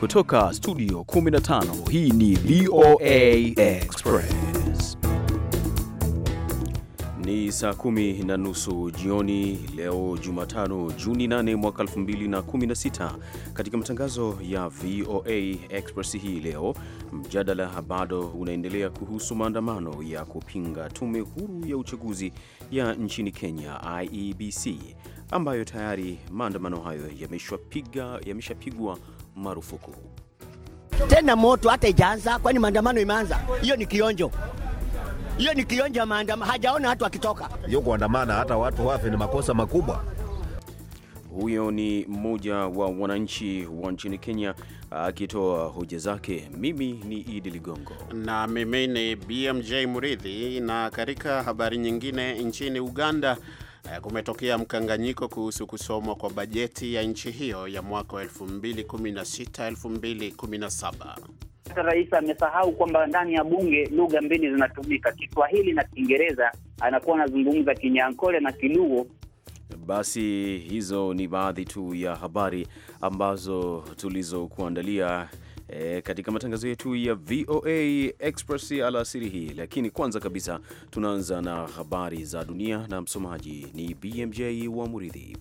Kutoka studio 15 hii ni VOA Express. Ni saa kumi na nusu jioni leo Jumatano, Juni 8 mwaka 2016. Katika matangazo ya VOA Express hii leo, mjadala bado unaendelea kuhusu maandamano ya kupinga tume huru ya uchaguzi ya nchini Kenya, IEBC, ambayo tayari maandamano hayo yameshapigwa marufuku. Tena moto hata ijaanza, kwani maandamano imeanza? Hiyo ni kionjo, hiyo ni kionjo ya maandamano. Hajaona watu wakitoka. Hiyo kuandamana hata watu wafe ni makosa makubwa. Huyo ni mmoja wa wananchi wa nchini Kenya akitoa hoja zake. Mimi ni Idi Ligongo na mimi ni BMJ Muridhi. Na katika habari nyingine, nchini Uganda kumetokea mkanganyiko kuhusu kusomwa kwa bajeti ya nchi hiyo ya mwaka wa 2016 2017. Rais amesahau kwamba ndani ya bunge lugha mbili zinatumika, Kiswahili na Kiingereza. Anakuwa anazungumza Kinyankole na kilugo Basi hizo ni baadhi tu ya habari ambazo tulizokuandalia e, katika matangazo yetu ya VOA Express alasiri hii. Lakini kwanza kabisa tunaanza na habari za dunia na msomaji ni BMJ wa Muridhi.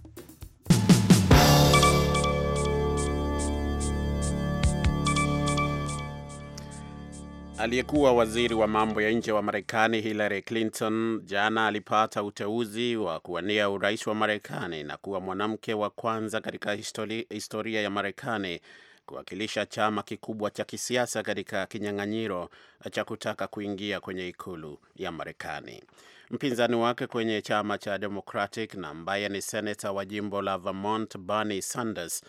Aliyekuwa waziri wa mambo ya nje wa Marekani Hillary Clinton jana alipata uteuzi wa kuwania urais wa Marekani na kuwa mwanamke wa kwanza katika histori, historia ya Marekani kuwakilisha chama kikubwa cha kisiasa katika kinyang'anyiro cha kutaka kuingia kwenye ikulu ya Marekani. Mpinzani wake kwenye chama cha Democratic na ambaye ni senata wa jimbo la Vermont, Bernie Sanders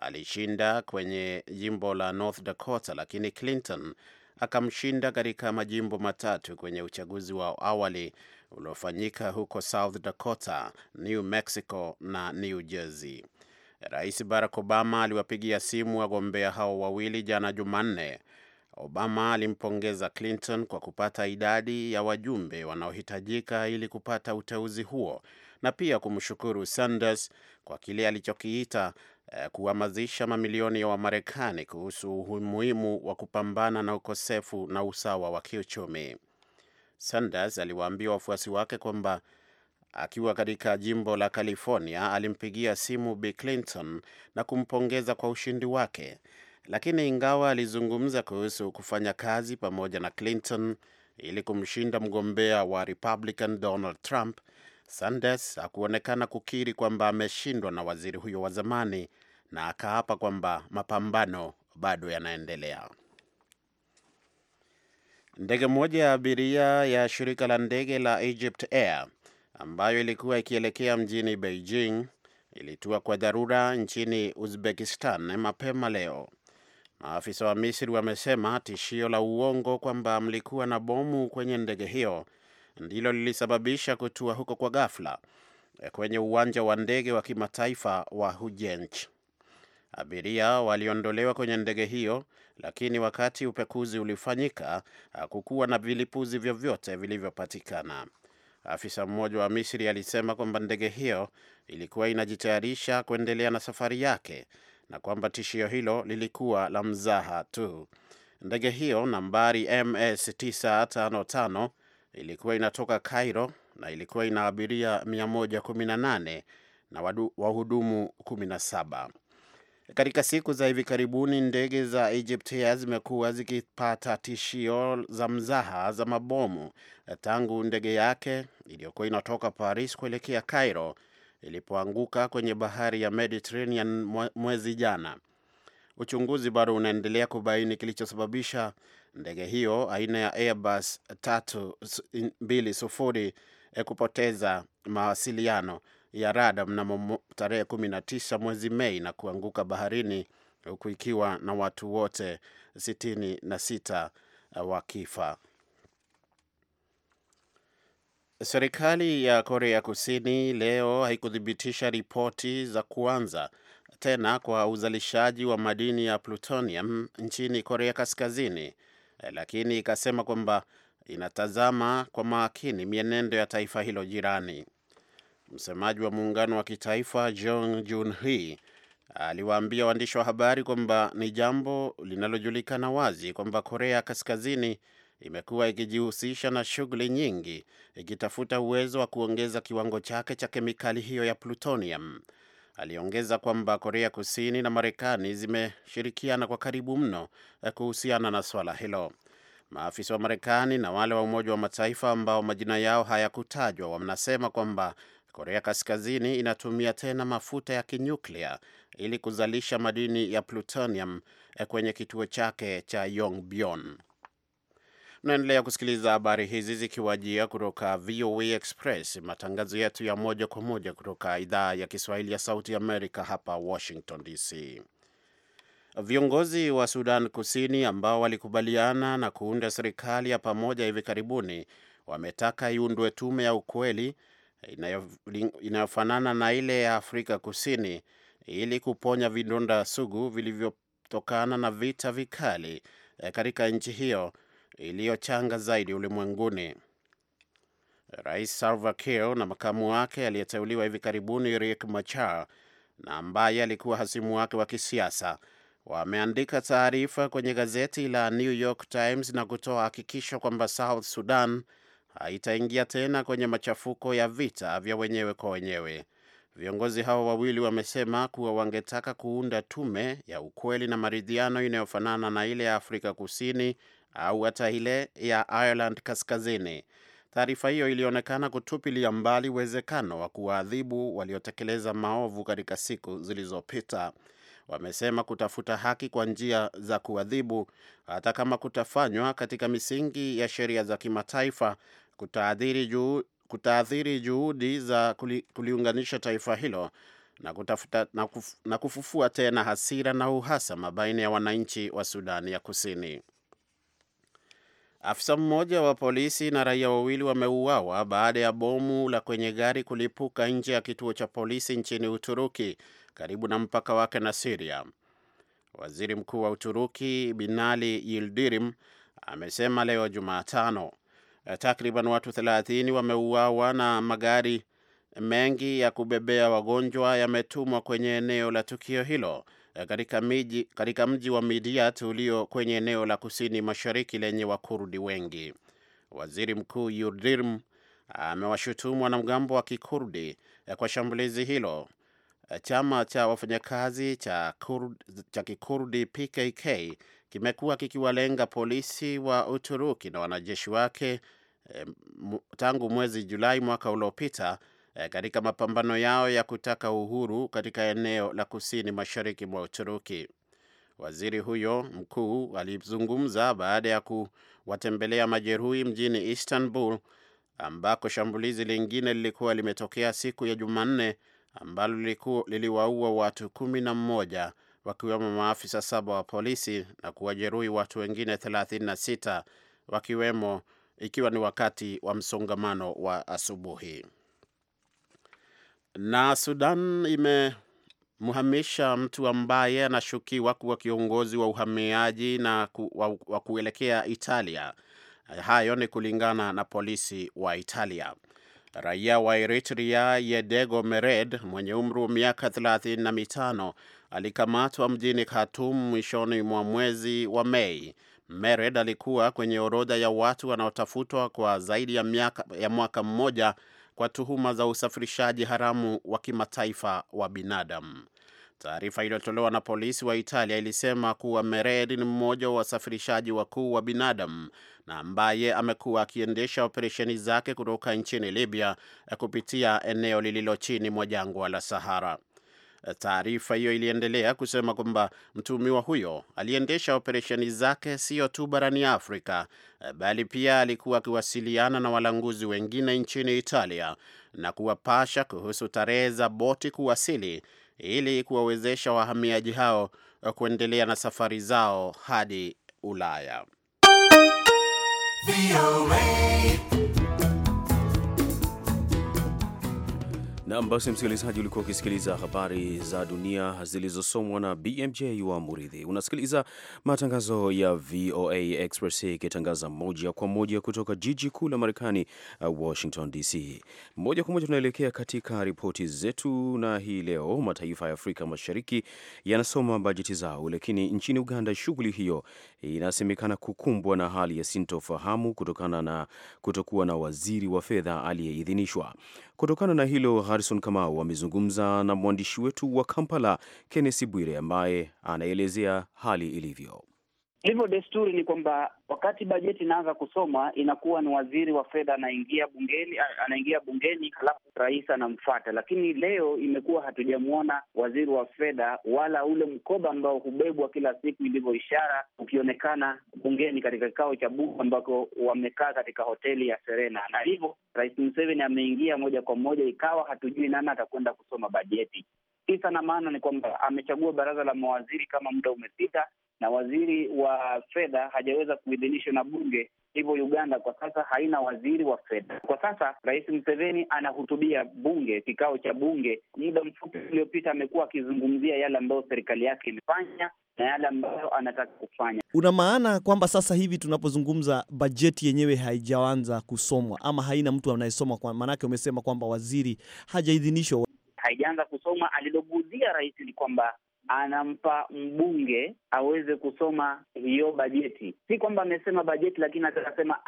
alishinda kwenye jimbo la North Dakota, lakini Clinton akamshinda katika majimbo matatu kwenye uchaguzi wa awali uliofanyika huko South Dakota, New Mexico na New Jersey. Rais Barack Obama aliwapigia simu wagombea hao wawili jana Jumanne. Obama alimpongeza Clinton kwa kupata idadi ya wajumbe wanaohitajika ili kupata uteuzi huo na pia kumshukuru Sanders kwa kile alichokiita eh, kuhamazisha mamilioni ya Wamarekani kuhusu umuhimu wa kupambana na ukosefu na usawa wa kiuchumi. Sanders aliwaambia wafuasi wake kwamba akiwa katika jimbo la California alimpigia simu Bi Clinton na kumpongeza kwa ushindi wake, lakini ingawa alizungumza kuhusu kufanya kazi pamoja na Clinton ili kumshinda mgombea wa Republican Donald Trump, Sanders hakuonekana kukiri kwamba ameshindwa na waziri huyo wa zamani na akaapa kwamba mapambano bado yanaendelea. Ndege moja ya abiria ya shirika la ndege la Egypt Air ambayo ilikuwa ikielekea mjini Beijing ilitua kwa dharura nchini Uzbekistan mapema leo. Maafisa wa Misri wamesema tishio la uongo kwamba mlikuwa na bomu kwenye ndege hiyo ndilo lilisababisha kutua huko kwa ghafla kwenye uwanja wa ndege wa kimataifa wa Hujench. Abiria waliondolewa kwenye ndege hiyo, lakini wakati upekuzi ulifanyika hakukuwa na vilipuzi vyovyote vilivyopatikana. Afisa mmoja wa Misri alisema kwamba ndege hiyo ilikuwa inajitayarisha kuendelea na safari yake na kwamba tishio hilo lilikuwa la mzaha tu. Ndege hiyo nambari MS 955 ilikuwa inatoka Cairo na ilikuwa ina abiria 118 na wahudumu 17. Katika siku za hivi karibuni ndege za Egypt zimekuwa zikipata tishio za mzaha za mabomu eh, tangu ndege yake iliyokuwa inatoka Paris kuelekea Cairo ilipoanguka kwenye bahari ya Mediterranean mwezi jana. Uchunguzi bado unaendelea kubaini kilichosababisha ndege hiyo aina ya Airbus 320 eh, kupoteza mawasiliano ya rada mnamo tarehe 19 mwezi Mei na kuanguka baharini huku ikiwa na watu wote 66 eh, wakifa. Serikali ya Korea Kusini leo haikuthibitisha ripoti za kuanza tena kwa uzalishaji wa madini ya plutonium nchini Korea Kaskazini, eh, lakini ikasema kwamba inatazama kwa makini mienendo ya taifa hilo jirani. Msemaji wa muungano wa kitaifa Jong Jun hi aliwaambia waandishi wa habari kwamba ni jambo linalojulikana wazi kwamba Korea Kaskazini imekuwa ikijihusisha na shughuli nyingi ikitafuta uwezo wa kuongeza kiwango chake cha kemikali hiyo ya plutonium. Aliongeza kwamba Korea Kusini na Marekani zimeshirikiana kwa karibu mno eh, kuhusiana na swala hilo. Maafisa wa Marekani na wale wa Umoja wa Mataifa ambao majina yao hayakutajwa wanasema kwamba Korea Kaskazini inatumia tena mafuta ya kinyuklia ili kuzalisha madini ya plutonium eh, kwenye kituo chake cha Yongbyon. Naendelea kusikiliza habari hizi zikiwajia kutoka VOA Express, matangazo yetu ya moja kwa moja kutoka idhaa ya Kiswahili ya Sauti Amerika hapa Washington DC. Viongozi wa Sudan Kusini ambao walikubaliana na kuunda serikali ya pamoja hivi karibuni wametaka iundwe tume ya ukweli inayofanana na ile ya Afrika Kusini ili kuponya vidonda sugu vilivyotokana na vita vikali eh, katika nchi hiyo iliyochanga zaidi ulimwenguni. Rais Salva Kiir na makamu wake aliyeteuliwa hivi karibuni Riek Machar na ambaye alikuwa hasimu wake wa kisiasa wameandika taarifa kwenye gazeti la New York Times na kutoa hakikisho kwamba South Sudan haitaingia tena kwenye machafuko ya vita vya wenyewe kwa wenyewe. Viongozi hao wawili wamesema kuwa wangetaka kuunda tume ya ukweli na maridhiano inayofanana na ile ya Afrika Kusini au hata ile ya Ireland Kaskazini. Taarifa hiyo ilionekana kutupilia mbali uwezekano wa kuwaadhibu waliotekeleza maovu katika siku zilizopita. Wamesema kutafuta haki kwa njia za kuadhibu, hata kama kutafanywa katika misingi ya sheria za kimataifa, kutaathiri juhudi, kutaathiri juhudi za kuli, kuliunganisha taifa hilo na, kutafuta, na, kuf, na kufufua tena hasira na uhasama baina ya wananchi wa Sudani ya Kusini. Afisa mmoja wa polisi na raia wawili wameuawa baada ya bomu la kwenye gari kulipuka nje ya kituo cha polisi nchini Uturuki karibu na mpaka wake na Siria. Waziri Mkuu wa Uturuki Binali Yildirim amesema leo Jumatano Eh, takriban watu 30 wameuawa na magari mengi ya kubebea wagonjwa yametumwa kwenye eneo la tukio hilo eh, katika miji katika mji wa Midiat ulio kwenye eneo la kusini mashariki lenye Wakurdi wengi. Waziri Mkuu Yurdirm amewashutumu wanamgambo wa Kikurdi eh, kwa shambulizi hilo. Chama cha wafanyakazi cha, cha Kikurdi PKK kimekuwa kikiwalenga polisi wa Uturuki na wanajeshi wake e, tangu mwezi Julai mwaka uliopita e, katika mapambano yao ya kutaka uhuru katika eneo la kusini mashariki mwa Uturuki. Waziri huyo mkuu alizungumza baada ya kuwatembelea majeruhi mjini Istanbul ambako shambulizi lingine lilikuwa limetokea siku ya Jumanne ambalo liliwaua watu kumi na mmoja wakiwemo maafisa saba wa polisi na kuwajeruhi watu wengine 36 wakiwemo ikiwa ni wakati wa msongamano wa asubuhi. Na Sudan imemhamisha mtu ambaye anashukiwa kuwa kiongozi wa uhamiaji na ku, wa, wa kuelekea Italia. Hayo ni kulingana na polisi wa Italia. Raia wa Eritrea Yedego Mered mwenye umri wa miaka thelathini na mitano alikamatwa mjini Khartoum mwishoni mwa mwezi wa Mei. Mered alikuwa kwenye orodha ya watu wanaotafutwa kwa zaidi ya, miaka, ya mwaka mmoja kwa tuhuma za usafirishaji haramu wa kimataifa wa binadamu. Taarifa iliyotolewa na polisi wa Italia ilisema kuwa Mered ni mmoja wa wasafirishaji wakuu wa binadamu na ambaye amekuwa akiendesha operesheni zake kutoka nchini Libya eh, kupitia eneo lililo chini mwa jangwa la Sahara. Taarifa hiyo iliendelea kusema kwamba mtuhumiwa huyo aliendesha operesheni zake sio tu barani Afrika, eh, bali pia alikuwa akiwasiliana na walanguzi wengine nchini Italia na kuwapasha kuhusu tarehe za boti kuwasili ili kuwawezesha wahamiaji hao eh, kuendelea na safari zao hadi Ulaya. Nam, basi msikilizaji, ulikuwa ukisikiliza habari za dunia zilizosomwa na BMJ wa Muridhi. Unasikiliza matangazo ya VOA Express ikitangaza moja kwa moja kutoka jiji kuu la Marekani, uh, Washington DC. Moja kwa moja tunaelekea katika ripoti zetu, na hii leo mataifa ya Afrika Mashariki yanasoma bajeti zao, lakini nchini Uganda shughuli hiyo inasemekana kukumbwa na hali ya sintofahamu kutokana na kutokuwa na waziri wa fedha aliyeidhinishwa. Kutokana na hilo, Harrison Kamau amezungumza na mwandishi wetu wa Kampala, Kennesi Bwire, ambaye anaelezea hali ilivyo. Hivyo desturi ni kwamba wakati bajeti inaanza kusoma inakuwa ni waziri wa fedha anaingia bungeni, anaingia bungeni, halafu rais anamfata. Lakini leo imekuwa hatujamwona waziri wa fedha wala ule mkoba ambao hubebwa kila siku ilivyo ishara ukionekana bungeni katika kikao cha bunge ambako wamekaa katika hoteli ya Serena, na hivyo Rais Museveni ameingia moja kwa moja, ikawa hatujui nani atakwenda kusoma bajeti. Kisa na maana ni kwamba amechagua baraza la mawaziri kama muda umepita na waziri wa fedha hajaweza kuidhinishwa na bunge. Hivyo Uganda kwa sasa haina waziri wa fedha. Kwa sasa Rais Museveni anahutubia bunge, kikao cha bunge. Muda mfupi uliopita amekuwa akizungumzia yale ambayo serikali yake imefanya na yale ambayo anataka kufanya. Una maana kwamba sasa hivi tunapozungumza, bajeti yenyewe haijaanza kusomwa ama haina mtu anayesoma, kwa maanake umesema kwamba waziri hajaidhinishwa, haijaanza kusomwa. Alilogudhia rais ni kwamba anampa mbunge aweze kusoma hiyo bajeti. Si kwamba amesema bajeti, lakini atasema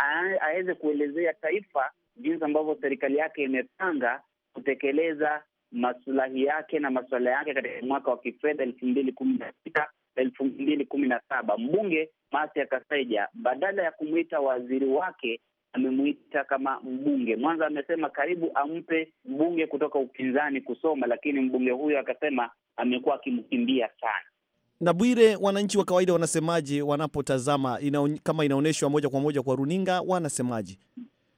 aweze kuelezea taifa jinsi ambavyo serikali yake imepanga kutekeleza masilahi yake na masuala yake katika mwaka wa kifedha elfu mbili kumi na sita elfu mbili kumi na saba. Mbunge Masia kaseja badala ya kumwita waziri wake amemwita kama mbunge. Mwanza amesema karibu ampe mbunge kutoka upinzani kusoma, lakini mbunge huyo akasema amekuwa akimkimbia sana. Na Bwire, wananchi wa kawaida wanasemaje wanapotazama inaon, kama inaonyeshwa moja kwa moja kwa runinga, wanasemaje?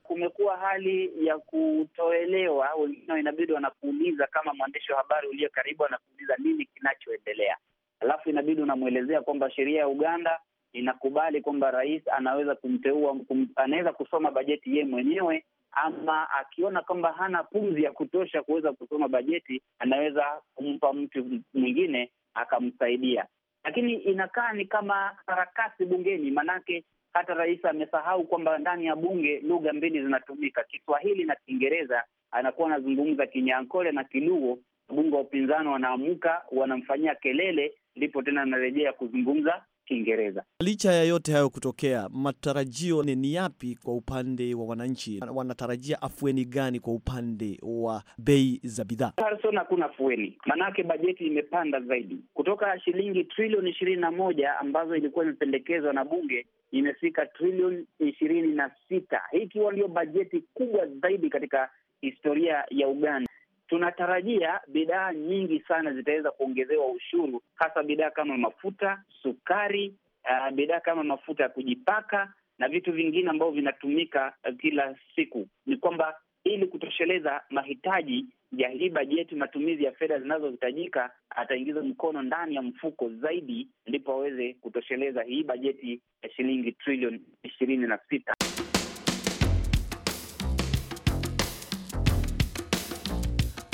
Kumekuwa hali ya kutoelewa, wengine inabidi wanakuuliza kama mwandishi wa habari uliye karibu anakuuliza nini kinachoendelea, alafu inabidi unamwelezea kwamba sheria ya Uganda inakubali kwamba rais anaweza kumteua kum, anaweza kusoma bajeti yeye mwenyewe ama akiona kwamba hana pumzi ya kutosha kuweza kusoma bajeti, anaweza kumpa mtu mwingine akamsaidia. Lakini inakaa ni kama sarakasi bungeni, maanake hata rais amesahau kwamba ndani ya bunge lugha mbili zinatumika, Kiswahili na Kiingereza. Anakuwa anazungumza Kinyankole na Kiluo, wabunge wa upinzani wanaamuka, wanamfanyia kelele, ndipo tena anarejea kuzungumza Kiingereza. Licha ya yote hayo kutokea, matarajio ni yapi kwa upande wa wananchi? Wanatarajia afueni gani kwa upande wa bei za bidhaa? Harrison, hakuna afueni, manake bajeti imepanda zaidi kutoka shilingi trilioni ishirini na moja ambazo ilikuwa imependekezwa na bunge imefika trilioni ishirini na sita hii ikiwa ndio bajeti kubwa zaidi katika historia ya Uganda tunatarajia bidhaa nyingi sana zitaweza kuongezewa ushuru, hasa bidhaa kama mafuta, sukari, uh, bidhaa kama mafuta ya kujipaka na vitu vingine ambavyo vinatumika eh, kila siku. Ni kwamba ili kutosheleza mahitaji ya hii bajeti, matumizi ya fedha zinazohitajika, ataingiza mkono ndani ya mfuko zaidi, ndipo aweze kutosheleza hii bajeti ya shilingi trilioni ishirini na sita.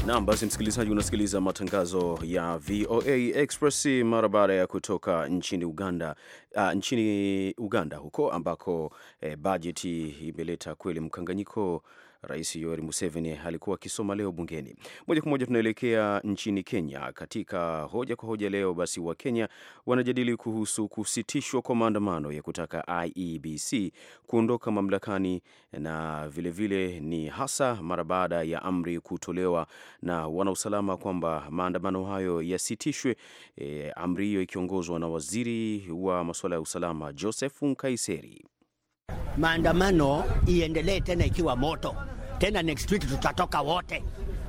nam basi msikilizaji, unasikiliza matangazo ya VOA Express mara baada ya kutoka nchini Uganda. Uh, nchini Uganda huko ambako eh, bajeti imeleta kweli mkanganyiko Rais Yoweri Museveni alikuwa akisoma leo bungeni. Moja kwa moja tunaelekea nchini Kenya katika hoja kwa hoja. Leo basi, wa Kenya wanajadili kuhusu kusitishwa kwa maandamano ya kutaka IEBC kuondoka mamlakani na vilevile vile ni hasa mara baada ya amri kutolewa na wanausalama kwamba maandamano hayo yasitishwe, e, amri hiyo ikiongozwa na waziri wa masuala ya usalama Joseph Nkaiseri. Maandamano iendelee tena ikiwa moto tena next week tutatoka wote,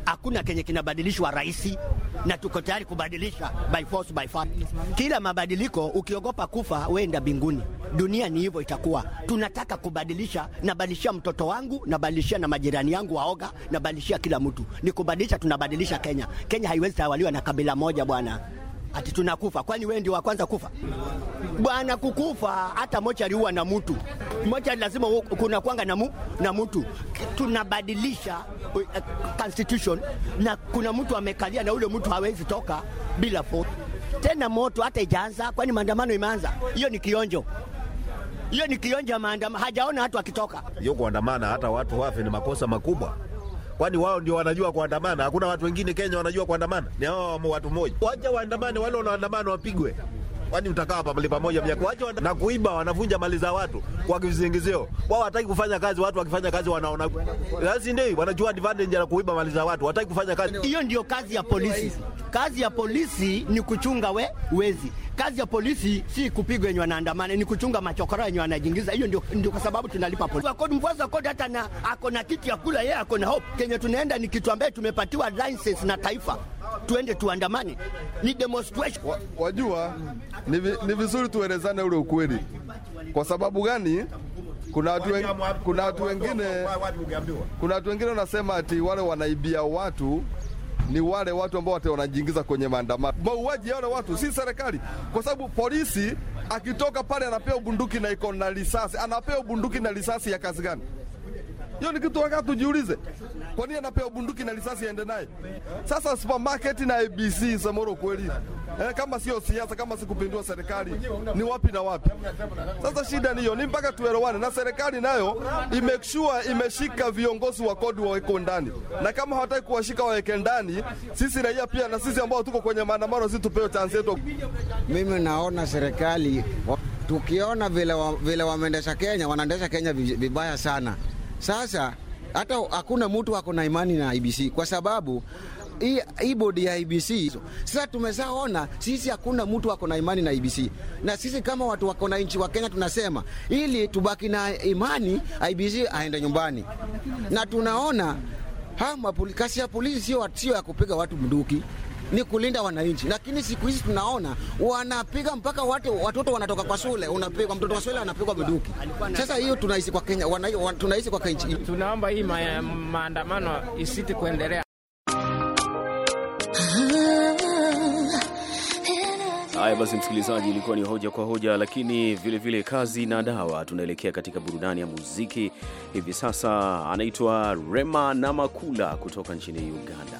hakuna kenye kinabadilishwa rais, na tuko tayari kubadilisha by force, by force. Kila mabadiliko ukiogopa kufa wenda binguni. Dunia ni hivyo itakuwa. Tunataka kubadilisha, nabadilishia mtoto wangu, nabadilishia na majirani yangu waoga, nabadilishia kila mtu. Ni kubadilisha, tunabadilisha Kenya. Kenya haiwezi tawaliwa na kabila moja bwana ati tunakufa. Kwani wewe ndio wa kwanza kufa bwana? Kukufa hata mochari huwa na mtu, mochari lazima kuna kwanga na, mu, na mtu. Tunabadilisha uh, constitution na kuna mtu amekalia na ule mtu hawezi toka bila foto tena. Moto hata ijaanza, kwani maandamano imeanza? Hiyo ni kionjo hiyo ni kionja maandamano, hajaona watu akitoka. Hiyo kuandamana hata watu wafe ni makosa makubwa. Kwani wao ndio wanajua kuandamana? Hakuna watu wengine Kenya wanajua kuandamana? Ni hao watu moja. waja waandamane, wale wanaandamana wapigwe. Kwani utakaa hapa mahali pamoja mjakuacha na kuiba, wanavunja mali za watu kwa visingizio. Wao hataki kufanya kazi, watu wakifanya kazi wanaona. Lazima yaani ndio wanajua advantage ya kuiba mali za watu, hataki kufanya kazi. Hiyo ndio kazi ya polisi. Kazi ya polisi ni kuchunga we, wezi. Kazi ya polisi si kupigwa yenye wanaandamana, ni kuchunga machokora yenye wanajiingiza. Hiyo ndio, ndio kwa sababu tunalipa polisi. Kodi mfasa kodi hata na ako na kitu ya kula yeye, ako na hope. Kenye tunaenda ni kitu ambaye tumepatiwa license na taifa tuende tuandamane, ni demonstration. Wajua ni, ni vizuri tuelezane ule ukweli. Kwa sababu gani? Kuna watu kuna watu wengine kuna watu wengine wanasema ati wale wanaibia watu ni wale watu ambao wanajiingiza kwenye maandamano. Mauaji ya wale watu si serikali, kwa sababu polisi akitoka pale anapewa bunduki na iko na risasi, anapewa bunduki na risasi ya kazi gani? Hiyo ni kitu wakati tujiulize, kwa nini anapewa bunduki na risasi aende naye? Sasa supermarket na ABC Samoro kweli eh, kama sio siasa, kama si kupindua serikali ni wapi na wapi? Sasa shida ni hiyo, ni mpaka tuelewane, na serikali nayo imake sure imeshika viongozi wa kodi waweko ndani, na kama hawataki kuwashika waweke ndani. Sisi raia pia na sisi ambao tuko kwenye maandamano, sisi tupewe chance yetu. Mimi naona serikali tukiona vile wa, vile wameendesha Kenya, wanaendesha Kenya vibaya sana. Sasa hata hakuna mtu ako na imani na IBC kwa sababu hii bodi ya IBC. Sasa tumeshaona sisi, hakuna mtu ako na imani na IBC, na sisi kama watu wako na nchi wa Kenya tunasema ili tubaki na imani IBC aende nyumbani, na tunaona ha, mapoli, ya polisi sio ya kupiga watu bunduki ni kulinda wananchi, lakini siku hizi tunaona wanapiga mpaka watu, watoto wanatoka kwa shule, unapigwa mtoto wa shule anapigwa bunduki. Sasa hiyo tunahisi kwa Kenya, tunahisi kwa Kenya. Tunaomba hii ma, maandamano isiti kuendelea. Haya basi, msikilizaji, ilikuwa ni hoja kwa hoja, lakini vilevile vile kazi na dawa. Tunaelekea katika burudani ya muziki hivi sasa. Anaitwa Rema Namakula kutoka nchini Uganda.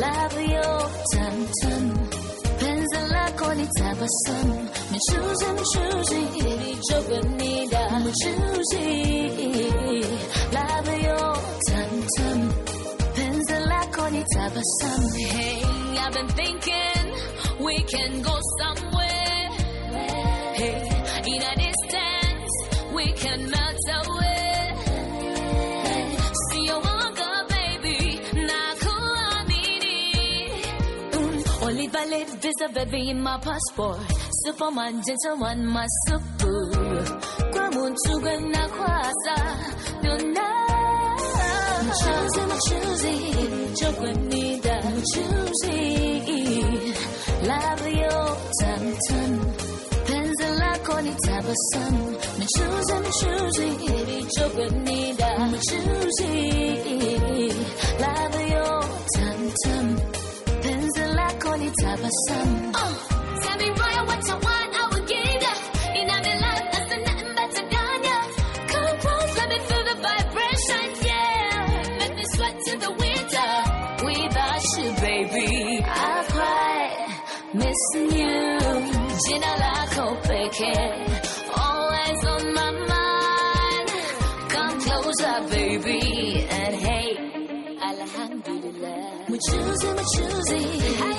love you, tabasamu mchuzi mchuzi ilichokunida mchuzi ladha yo tamtam penzi lako ni tabasamu hey I've been thinking we can go somewhere hey in a distance we can valid visa, baby, in my passport. Superman, gentleman, my super. Kwa muntuga na kwasa, dona. Mchuzi, mchuzi, chokwe nida. Mchuzi, labio, tamtam. Penzi lako ni tabasamu. Mchuzi, mchuzi, chokwe nida. Mchuzi, mchuzi. 많이 잡았어 oh, Tell me why I want you want I will give ya 이 남의 life 나서 나는 반짝거려 Come close let me feel the vibration yeah Make me sweat to the winter Without you baby I cry miss you 지나라 고백해 Always on my mind Come closer baby and hey Alhamdulillah We're choosing, we're choosing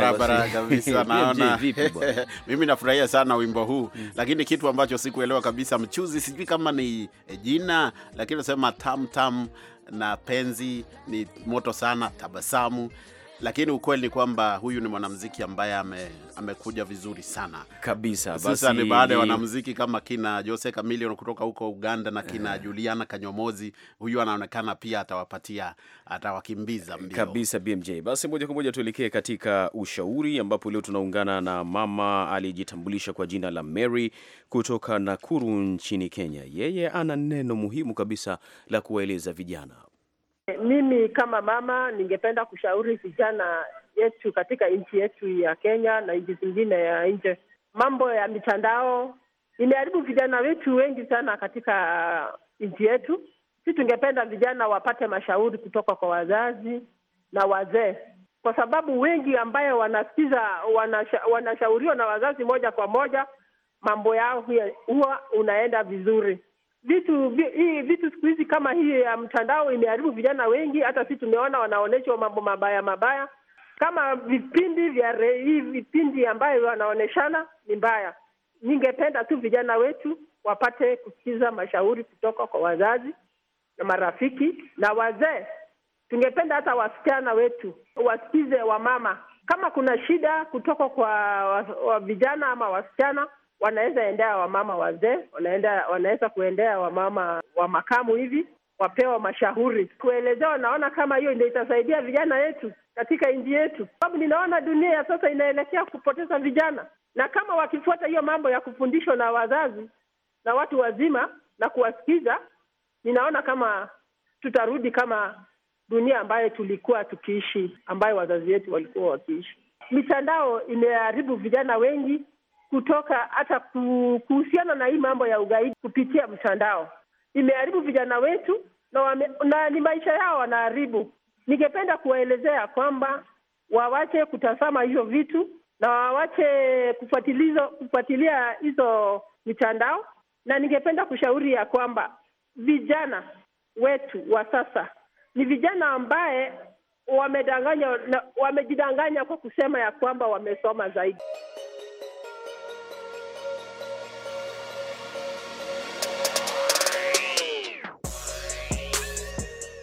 barabara kabisa naona mimi nafurahia sana wimbo huu mm. Lakini kitu ambacho sikuelewa kabisa, mchuzi sijui kama ni eh, jina, lakini nasema tamtam na penzi ni moto sana, tabasamu lakini ukweli ni kwamba huyu ni mwanamuziki ambaye ame, amekuja vizuri sana kabisa. Sasa ni baada ya wanamuziki kama kina Jose Chameleone kutoka huko Uganda na kina yeah, Juliana Kanyomozi, huyu anaonekana pia atawapatia atawakimbiza mbio kabisa. BMJ, basi moja kwa moja tuelekee katika ushauri, ambapo leo tunaungana na mama aliyejitambulisha kwa jina la Mary kutoka Nakuru nchini Kenya. Yeye ana neno muhimu kabisa la kuwaeleza vijana Eh, mimi kama mama ningependa kushauri vijana yetu katika nchi yetu ya Kenya na nchi zingine ya nje, mambo ya mitandao imeharibu vijana wetu wengi sana katika nchi yetu. Si tungependa vijana wapate mashauri kutoka kwa wazazi na wazee, kwa sababu wengi ambayo wanasikiza wanasha, wanashauriwa na wazazi moja kwa moja, mambo yao huwa unaenda vizuri vitu hii vitu siku hizi kama hii ya mtandao imeharibu vijana wengi. Hata sisi tumeona wanaonyeshwa mambo mabaya mabaya, kama vipindi vya rei, vipindi ambayo wanaonyeshana ni mbaya. Ningependa tu vijana wetu wapate kusikiza mashauri kutoka kwa wazazi na marafiki na wazee. Tungependa hata wasichana wetu wasikize wamama, kama kuna shida kutoka kwa vijana ama wasichana wanaweza endea wamama wazee, wanaenda wanaweza kuendea wamama wa makamu hivi, wapewa mashauri kuelezewa. Naona kama hiyo ndio itasaidia vijana wetu katika nchi yetu, sababu ninaona dunia ya sasa inaelekea kupoteza vijana, na kama wakifuata hiyo mambo ya kufundishwa na wazazi na watu wazima na kuwasikiza, ninaona kama tutarudi kama dunia ambayo tulikuwa tukiishi, ambayo wazazi wetu walikuwa wakiishi. Mitandao imeharibu vijana wengi kutoka hata kuhusiana na hii mambo ya ugaidi kupitia mtandao. Imeharibu vijana wetu na, wame, na ni maisha yao wanaharibu. Ningependa kuwaelezea kwamba wawache kutazama hivyo vitu na wawache kufuatilia hizo mitandao, na ningependa kushauri ya kwamba vijana wetu wa sasa ni vijana ambaye wamedanganya, wamejidanganya kwa kusema ya kwamba wamesoma zaidi.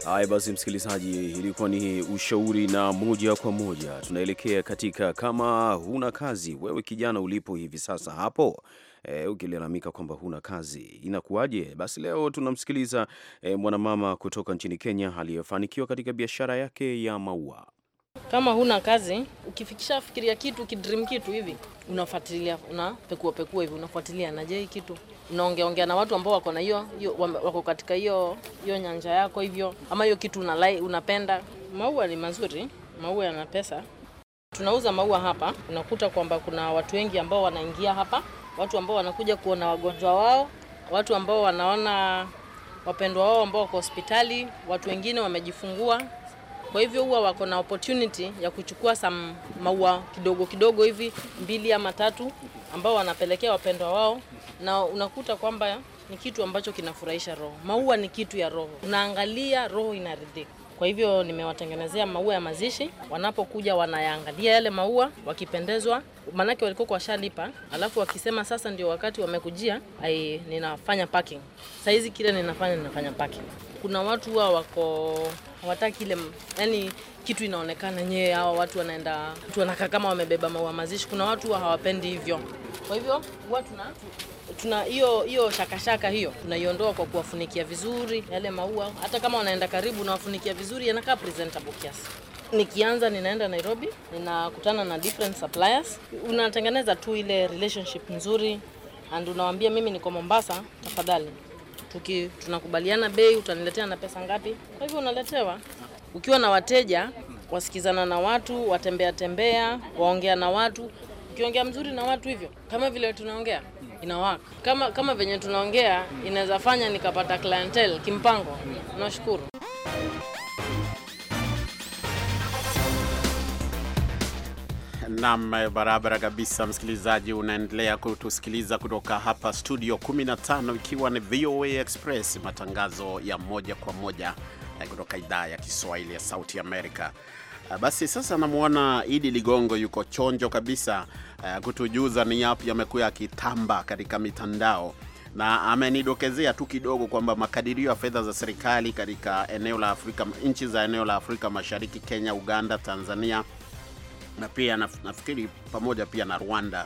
Haya basi, msikilizaji, ilikuwa ni ushauri, na moja kwa moja tunaelekea katika, kama huna kazi wewe kijana ulipo hivi sasa hapo E, ukilalamika kwamba huna kazi inakuwaje? Basi leo tunamsikiliza e, mwanamama kutoka nchini Kenya aliyefanikiwa katika biashara yake ya maua. Kama huna kazi, ukifikisha fikiria kitu kidream kitu hivi, unafuatilia unapekua pekua pekua hivi, unafuatilia naje hii kitu naongeongea na watu ambao wako na hiyo wako katika hiyo hiyo nyanja yako hivyo, ama hiyo kitu unalai, unapenda. Maua ni mazuri, maua yana pesa. Tunauza maua hapa, unakuta kwamba kuna watu wengi ambao wanaingia hapa, watu ambao wanakuja kuona wagonjwa wao, watu ambao wanaona wapendwa wao ambao wako hospitali, watu wengine wamejifungua. Kwa hivyo huwa wako na opportunity ya kuchukua some maua kidogo kidogo hivi mbili ama tatu ambao wanapelekea wapendwa wao na unakuta kwamba ni kitu ambacho kinafurahisha roho. Maua ni kitu ya roho, unaangalia roho inaridhika. Kwa hivyo nimewatengenezea maua ya mazishi, wanapokuja wanayaangalia yale maua, wakipendezwa, maanake walikuwa kwa shalipa, alafu wakisema sasa ndio wakati wamekujia, ai, ninafanya parking saizi, kile ninafanya ninafanya parking. Kuna watu huwa wako hawataki ile, yani kitu inaonekana nyewe, hawa watu wanaenda, watu wanakaa kama wamebeba maua mazishi. Kuna watu huwa hawapendi hivyo, kwa hivyo huwa tuna tuna hiyo hiyo shakashaka hiyo tunaiondoa kwa kuwafunikia vizuri yale maua, hata kama wanaenda karibu na wafunikia vizuri, yanakaa presentable kiasi. Nikianza ninaenda Nairobi, ninakutana na different suppliers, unatengeneza tu ile relationship nzuri and unawaambia mimi niko Mombasa, tafadhali tuki tunakubaliana bei, utaniletea na pesa ngapi? Kwa hivyo unaletewa ukiwa na wateja, wasikizana na watu, watembea tembea, waongea na watu, ukiongea mzuri na watu hivyo kama vile tunaongea inawaka kama, kama venye tunaongea inaweza fanya nikapata clientele kimpango. Nashukuru. Nam, barabara kabisa. Msikilizaji, unaendelea kutusikiliza kutoka hapa studio 15 ikiwa ni VOA Express, matangazo ya moja kwa moja eh, kutoka idhaa ya Kiswahili ya Sauti Amerika. Ah, basi sasa namwona Idi Ligongo yuko chonjo kabisa uh, kutujuza ni yapi yamekuwa yakitamba katika mitandao na amenidokezea tu kidogo kwamba makadirio ya fedha za serikali katika eneo la Afrika, nchi za eneo la Afrika Mashariki, Kenya, Uganda, Tanzania na pia nafikiri pamoja pia na Rwanda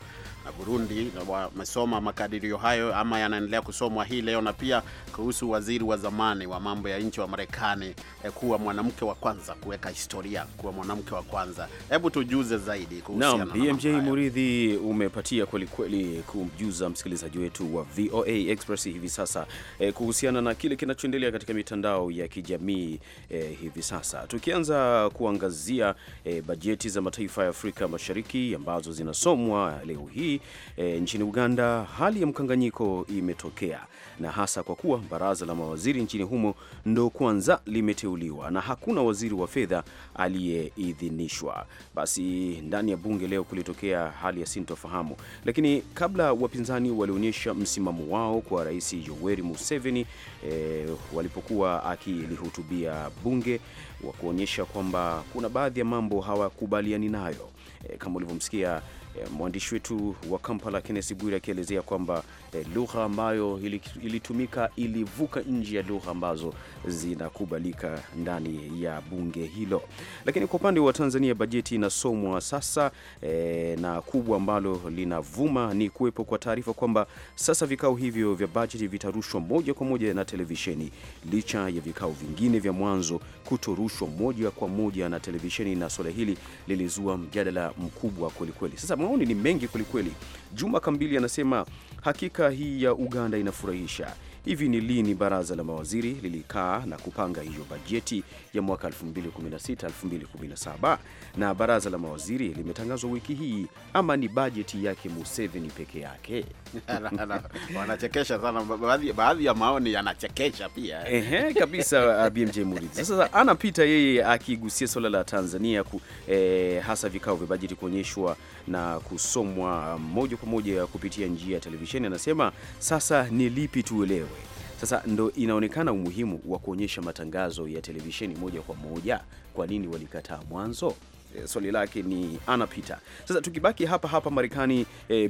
Burundi wamesoma makadirio hayo ama yanaendelea kusomwa hii leo, na pia kuhusu waziri wa zamani wa mambo ya nchi wa Marekani eh, kuwa mwanamke wa kwanza kuweka historia kuwa mwanamke wa kwanza. Hebu tujuze zaidi kuhusiana na BMJ Muridhi. Umepatia kweli kweli kumjuza msikilizaji wetu wa VOA Express hivi sasa eh, kuhusiana na kile kinachoendelea katika mitandao ya kijamii eh, hivi sasa tukianza kuangazia eh, bajeti za mataifa ya Afrika Mashariki ambazo zinasomwa leo hii hii eh, e, nchini Uganda hali ya mkanganyiko imetokea, na hasa kwa kuwa baraza la mawaziri nchini humo ndo kwanza limeteuliwa na hakuna waziri wa fedha aliyeidhinishwa. Basi ndani ya bunge leo kulitokea hali ya sintofahamu, lakini kabla wapinzani walionyesha msimamo wao kwa Rais Yoweri Museveni e, walipokuwa akilihutubia bunge wa kuonyesha kwamba kuna baadhi ya mambo hawakubaliani nayo e, kama ulivyomsikia Eh, mwandishi wetu wa Kampala kennesi Bwire akielezea kwamba eh, lugha ambayo ilitumika ilivuka nje ya lugha ambazo zinakubalika ndani ya bunge hilo. Lakini kwa upande wa Tanzania, bajeti inasomwa sasa e, na kubwa ambalo linavuma ni kuwepo kwa taarifa kwamba sasa vikao hivyo vya bajeti vitarushwa moja kwa moja na televisheni, licha ya vikao vingine vya mwanzo kutorushwa moja kwa moja na televisheni, na suala hili lilizua mjadala mkubwa kwelikweli. Sasa maoni ni mengi kwelikweli. Juma Kambili anasema hakika hii ya Uganda inafurahisha. Hivi ni lini baraza la mawaziri lilikaa na kupanga hiyo bajeti ya mwaka 2016 2017? Na baraza la mawaziri limetangazwa wiki hii, ama ni bajeti yake Museveni peke yake? Wanachekesha sana, baadhi ya maoni yanachekesha pia. Ehe, kabisa. Uh, BMJ Muridhi sasa anapita yeye akigusia swala la Tanzania ku, eh, hasa vikao vya bajeti kuonyeshwa na kusomwa moja kwa moja kupitia njia ya televisheni. Anasema sasa ni lipi tuelewe? Sasa ndo inaonekana umuhimu wa kuonyesha matangazo ya televisheni moja kwa moja. Kwa nini walikataa mwanzo? Eh, swali lake ni ana pita. Sasa tukibaki hapa hapa Marekani, eh,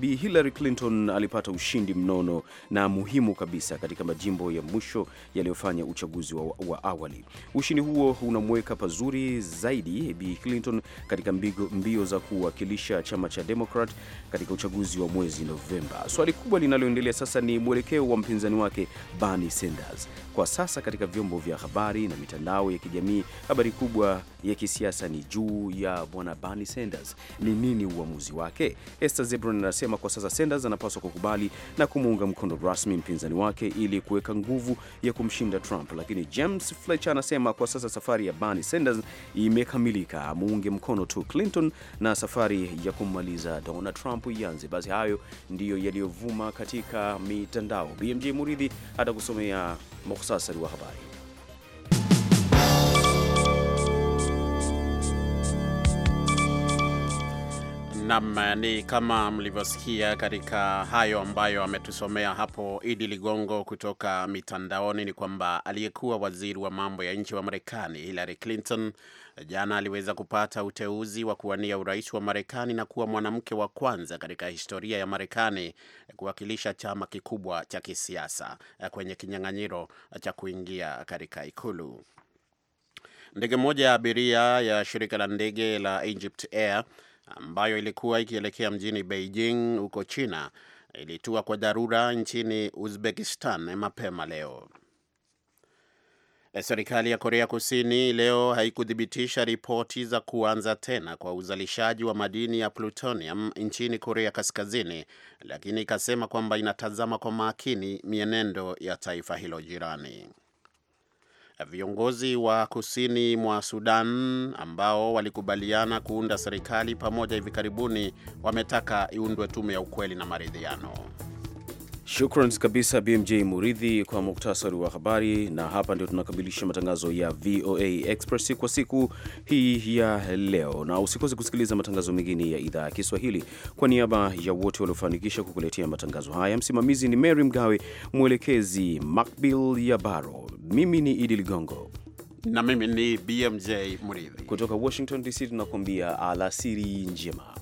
Bi Hillary Clinton alipata ushindi mnono na muhimu kabisa katika majimbo ya mwisho yaliyofanya uchaguzi wa, wa awali. Ushindi huo unamweka pazuri zaidi eh, Bi Clinton katika mbigo, mbio za kuwakilisha chama cha Democrat katika uchaguzi wa mwezi Novemba. Swali kubwa linaloendelea sasa ni mwelekeo wa mpinzani wake Bernie Sanders. Kwa sasa katika vyombo vya habari na mitandao ya kijamii, habari kubwa ya kisiasa ni juu ya bwana Bernie Sanders. Ni nini uamuzi wake? Esther Zebron anasema kwa sasa Sanders anapaswa kukubali na kumuunga mkono rasmi mpinzani wake ili kuweka nguvu ya kumshinda Trump, lakini James Fletcher anasema kwa sasa safari ya Bernie Sanders imekamilika, amuunge mkono tu Clinton na safari ya kummaliza Donald Trump ianze. Basi hayo ndiyo yaliyovuma katika mitandao. BMJ Muridhi atakusomea muhtasari wa habari. Nam, ni kama mlivyosikia katika hayo ambayo ametusomea hapo Idi Ligongo kutoka mitandaoni, ni kwamba aliyekuwa waziri wa mambo ya nje wa Marekani Hillary Clinton jana aliweza kupata uteuzi wa kuwania urais wa Marekani na kuwa mwanamke wa kwanza katika historia ya Marekani kuwakilisha chama kikubwa cha kisiasa kwenye kinyang'anyiro cha kuingia katika ikulu. Ndege moja ya abiria ya shirika la ndege la Egypt Air ambayo ilikuwa ikielekea mjini Beijing huko China ilitua kwa dharura nchini Uzbekistan mapema leo. Serikali ya Korea Kusini leo haikuthibitisha ripoti za kuanza tena kwa uzalishaji wa madini ya plutonium nchini Korea Kaskazini, lakini ikasema kwamba inatazama kwa makini mienendo ya taifa hilo jirani. Eh, viongozi wa kusini mwa Sudan ambao walikubaliana kuunda serikali pamoja hivi karibuni wametaka iundwe tume ya ukweli na maridhiano. Shukran kabisa BMJ Muridhi kwa muktasari wa habari, na hapa ndio tunakamilisha matangazo ya VOA Express kwa siku hii ya leo, na usikose kusikiliza matangazo mengine ya idhaa ya Kiswahili. Kwa niaba ya wote waliofanikisha kukuletea matangazo haya, msimamizi ni Mary Mgawe, mwelekezi Macbill ya Baro, mimi ni Idi Ligongo na mimi ni BMJ Muridhi kutoka Washington DC, tunakuambia alasiri njema.